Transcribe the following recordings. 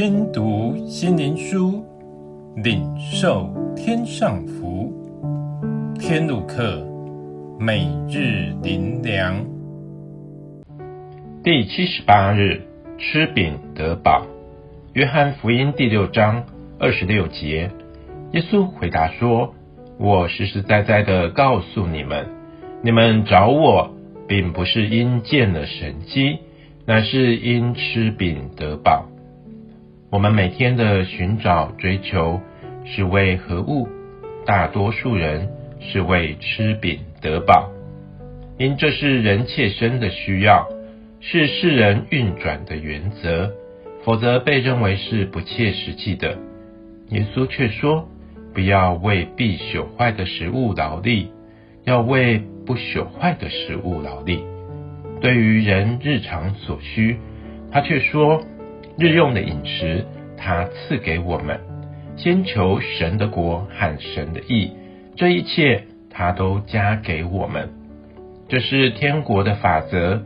聽讀心靈書，領受天上福。天路客，每日靈糧，第七十八日，吃餅得飽。約翰福音第六章二十六節，耶穌回答說：“我實實在在的告訴你們，你們找我，並不是因見了神蹟，乃是因吃餅得飽。”我們每天的尋找、追求是為何物？大多數人是為吃餅得飽，因這是人切身的需要，是世人運轉的原則，否則被認為是不切實際的。耶穌卻說：“不要為必朽壞的食物勞力，要為不朽壞的食物勞力。”對於人日常所需，他卻說，日用的飲食，他賜給我們；先求神的國和神的義，這一切他都加給我們。這是天國的法則，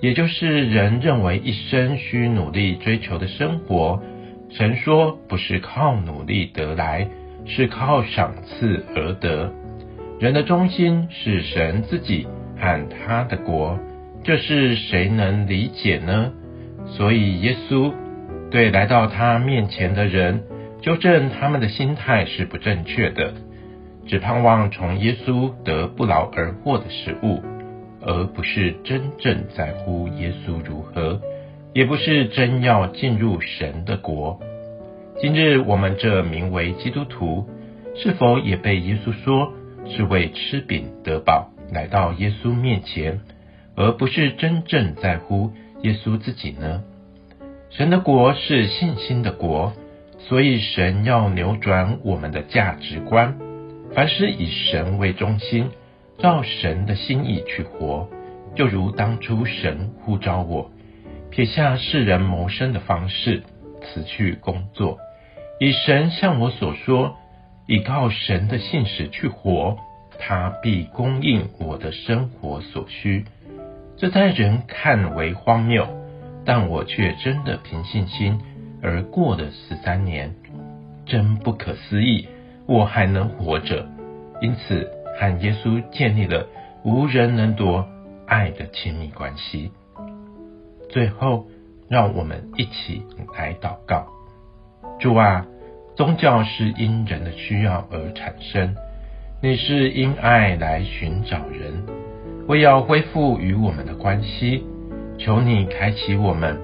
也就是人認為一生須努力追求的生活。神說，不是靠努力得來，是靠賞賜而得。人的中心是神自己和他的國，這事誰能理解呢？所以耶穌對來到他面前的人，糾正他們的心態是不正確的，只盼望從耶穌得不勞而獲的食物，而不是真正在乎耶穌如何，也不是真要進入神的國。今日我們這名為基督徒，是否也被耶穌說是為吃餅得飽來到耶穌面前，而不是真正在乎耶穌自己呢？神的國是信心的國，所以神要扭轉我們的價值觀，凡事以神為中心，照神的心意去活，就如當初神呼召我，撇下世人謀生的方式，辭去工作，以神向我所說，倚靠神的信實去活，他必供應我的生活所需，這在人看為荒謬。但我卻真的憑信心而過了十三年，真不可思議！我還能活着，因此和耶穌建立了無人能奪愛的親密關係。最後，讓我們一起來禱告：主啊，宗教是因人的需要而產生，你是因愛來尋找人，為要恢復與我們的關係。求你開啟我們，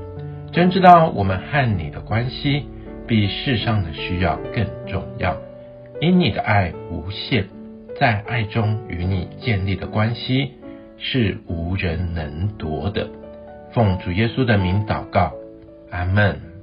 真知道我們和你的關係比世上的需要更重要。因你的愛無限，在愛中與你建立的關係是無人能奪的。奉主耶穌的名禱告，阿門。